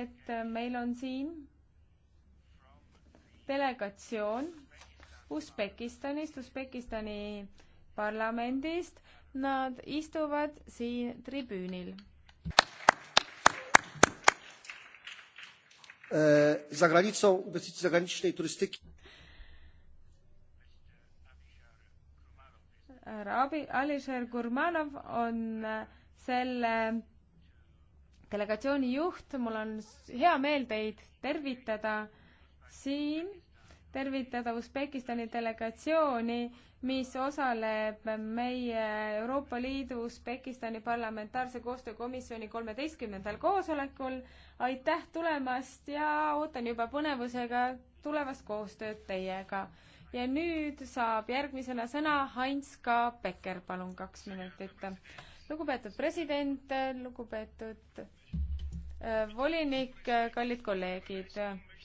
et meil on siin delegatsioon Usbekistanist, Usbekistani parlamendist. Nad istuvad siin tribüünil äh, za granicą inwestycji zagranicznej turystyki. härra Abi, Alisher Gurmanov on selle delegatsiooni juht, mul on hea meel teid tervitada siin, tervitada Usbekistani delegatsiooni, mis osaleb meie Euroopa Liidu Usbekistani parlamentaarse koostöökomisjoni kolmeteistkümnendal koosolekul. aitäh tulemast ja ootan juba põnevusega tulevast koostööd teiega. ja nüüd saab järgmisena sõna Heinz K. Becker, palun kaks minutit lugupeetud president, lugupeetud äh, volinik, äh, kallid kolleegid.